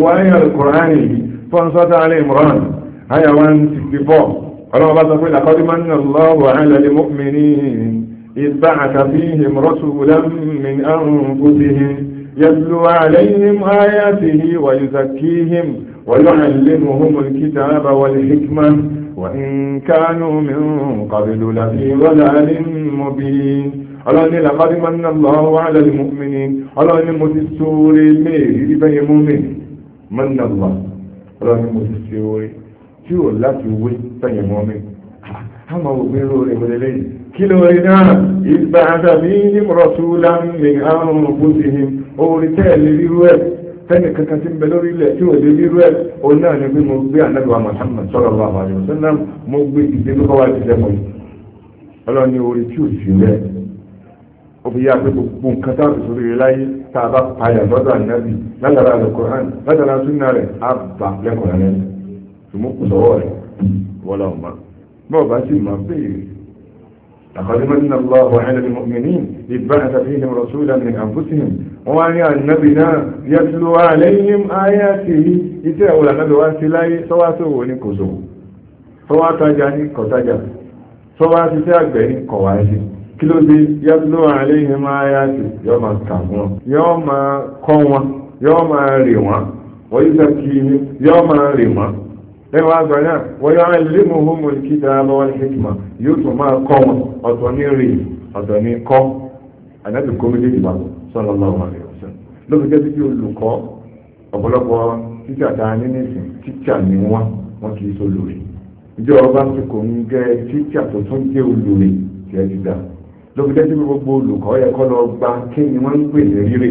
wo ayé alukùránì fọ́nsọ́tà alẹ́ imran ayé 164 ọlọ́wọ́ bá sọ pé làkọ́dí máa ń nà lọ́wọ́ alẹ́ mọ́kùnmí ìbáàkà fíhìm rọ́sùlẹ́m min anfusihim يتلو عليهم آياته ويزكيهم ويعلمهم الكتاب والحكمة وإن ọlọ́ni làbárí mọ́nà lọ́wọ́ alẹ́lẹ́mọ́mìnì ọlọ́ni mo ti sóòrè mẹ́rin ibẹ̀yẹ mọ́mìnì mọ́nà wà ọlọ́ni mo ti ṣe orí tí ò láti wé sẹ́yìn mọ́ mi a máa wò pé lóore wọlé lẹ́yìn kí lóore náà ìgbà àdàbí rọ̀túlá mi àrùn òkúsìhìn orí tẹ́ẹ̀lì rírú ẹ̀ sẹ́ni kankan tí ń bẹ lórí ilẹ̀ tí ò lè rírú ẹ̀ òun náà ni pé mo gbé ànágbà Muhammad sallallahu alaihi wasallam mo gbé ìdílé kọ́wá ti dẹ́mọ̀ yìí ọlọ́ni orí tí ò sí rẹ̀ ó fi yá pé gbogbo nǹkan tá a fi sórí rẹ láyé tá a bá payà lọ́dọ̀ ànábì látara alukoran látara súnà rẹ̀ á bà lẹ́kọ̀ọ́ rẹ̀ tùmùkù lọ́wọ́ rẹ̀ wọ́lá ọ̀ma bọ́ọ̀ bá sì máa béèrè لقد من الله على المؤمنين إذ بعث فيهم رسولا من أنفسهم وعن النبينا يتلو عليهم آياته يتعو لنبي واسلاي سواتو ونكسو سواتا جاني كتاجا سواتي تاجبين قواسي kí ló dé yàtúnú àléhìn máa yá sí yọ́ máa kà wọ́n yọ́ máa kọ́ wọn máa rè wọn wọ́n yóò kí ni máa náà wọ́n yọ àléhìn homo kíta lọ́wọ́ yóò tún máa wọn ọ̀tọ̀ ní rè ọ̀tọ̀ ní kọ́ àdájọ́ kó méjèèjì sọ́nà lọ́wọ́ rẹ̀ ọ̀sẹ̀ ló jẹ́ sí olùkọ́ ọ̀pọ̀lọpọ̀ títà tá a ní nísìn ló fi dẹ́sí gbogbo olùkọ́ yẹ kọ́ lọ gba kí ni wọ́n ń pè ní rírè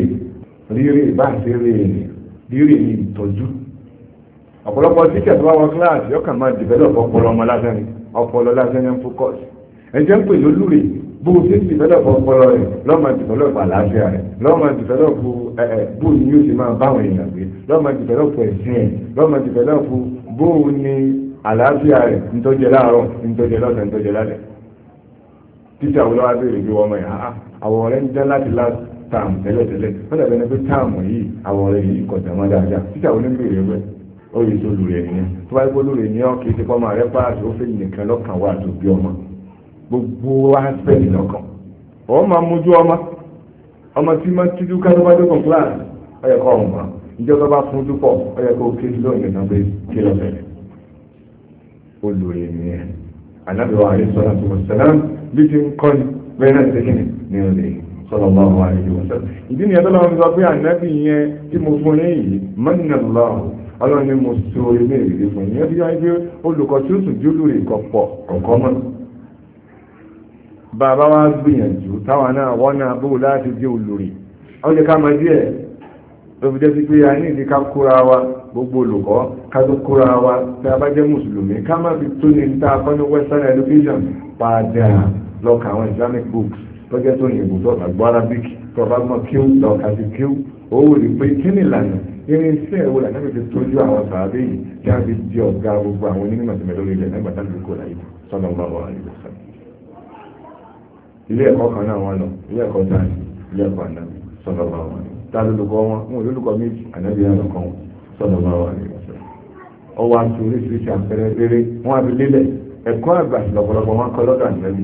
rírè báṣe rè rírè ní ìtọ́jú ọ̀pọ̀lọpọ̀ tíṣà tó bá wọ kíláàsì yọkàn máa develop ọpọlọ ọmọ lásán ni ọpọlọ lásán ni focus ẹ̀jẹ̀ ń pè lólùrè bó o ṣe ń develop ọpọlọ rẹ lọ́mọ develop àlàáfíà rẹ lọ́mọ develop bó ni yóò ṣe máa báwọn èèyàn gbé lọ́mọ develop ẹ̀sìn ẹ̀ lọ́mọ develop bó o ní àlàáfíà rẹ ń tọ́jẹ láàárọ̀ ń tọ́jẹ lọ́sàn ń lálẹ́ títí àwọn olówó abéèrè bí wọ́n mọ̀ yà ah, ah, àwọn ọ̀rẹ́ ń jẹ́ láti last term tẹ́lẹ̀tẹ́lẹ̀ na bẹ́ẹ̀ pé term yìí àwọn ọ̀rẹ́ yìí kọ̀ tẹ̀mọ́ dáadáa títí àwọn oníbèrè rẹ̀ ó yẹ tó lùrẹ̀ nìyẹn tó bá gbó lùrẹ̀ kì í ti nìkan wà tó bí ọmọ gbogbo máa mójú ọmọ ọmọ tí máa bá yẹ bí ti ń kọ́ ni bẹ́ẹ̀ náà ṣe kíni ní òde sallallahu alaihi wasallam ìdí ni ẹ̀dọ́ lọ́wọ́ sọ pé ànábì yẹn tí mo fún yín yìí mọ́nà lọ́wọ́ ọlọ́run ni mo so ilé ìrírí fún yín bí wọ́n gbé olùkọ́ tí ó sùn jólù rè kọ̀pọ̀ kọ̀kọ́ mọ́ bàbá wa gbìyànjú táwọn náà wọ́n náà bó láti jẹ́ olùrè ó jẹ́ ká mọ díẹ̀ ló fi jẹ́ pé a ní ìdí ká kóra wa gbogbo olùkọ́ ká tó kóra wa tí a bá jẹ́ mùsùlùmí ká má fi tó ní ta fọ́nú western education padà lọ́ka àwọn islamic books tọ́jẹ́ tó yìnbó tọ́ka gbọ́ arabic tọ́ka mọ́ kíw lọ́ka sí kíw owó rí pé kí ni ìlànà irinṣẹ́ ìwé lànà fi tójú àwọn sàábé yìí tí wọ́n fi di ọ̀gá gbogbo àwọn onímọ̀ tẹ̀mẹ́ lórí ilẹ̀ nígbà tá lóko láyé sọ́nà ọmọ àwọn àyè ilé ẹ̀kọ́ kan náà wọn lọ ilé ẹ̀kọ́ tá ilé ẹ̀kọ́ ànábì sọ́nà ọmọ àwọn àyè tá lólùkọ́ wọn wọn olólùkọ́ méjì ànábì yẹn lọ́kọ́ wọn sọ́nà ọmọ àwọn àyè ọwọ́ àti oríṣiríṣi àpẹẹrẹ rere wọn àbí lélẹ̀ ẹ̀kọ́ àgbà lọ́pọ̀lọpọ̀ wọn kọ́ lọ́dọ̀ ànábì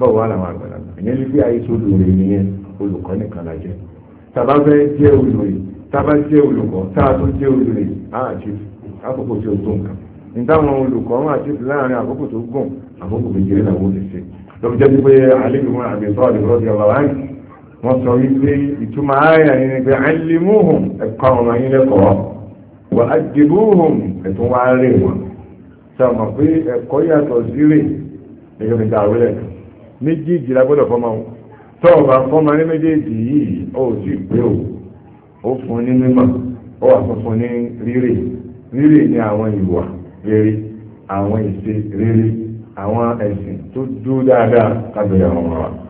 báwo wà láwọn àgbàlagbà ìyẹn ní pé ayé tó lòrè nìyẹn olùkọ́ nìkan la jẹ́ tàbá fẹ́ jẹ́ olùrè tàbá jẹ́ olùkọ́ tàbá tó jẹ́ olùrè àti àkókò tí ó tó nǹkan nítawọn olùkọ́ wọn àti láàrin àkókò tó gùn àkókò kékeré làwọn ò ti ṣe lọ́bi jẹ́ pé àlejò wọn àbí sọ́ọ̀dì rọ́ọ̀dì ọ̀la wáyé wọ́n sọ wípé ìtumọ̀ ayà yìí ni pé àìlèmóhùn ẹ̀kọ́ ọmọ yín lẹ́kọ̀ọ́ wà á dìbòhùn ẹ̀tún wá rè wọn sọ ma pé ẹ̀kọ́ yàtọ̀ sí ẹ̀yọ́ mi dá wílẹ̀ kan méjèèjì la gbọ́dọ̀ fọ́mọ o tọ́ ọba fọ́mọ ní méjèèjì yìí ó sì pé o ó fún ní mímọ̀ ó wà fún ní rírè rírè ní àwọn ìwà rere àwọn ìṣe rere àwọn ẹ̀sìn tó dúró dáadáa kábẹ̀rẹ̀ àwọn ọmọ wa.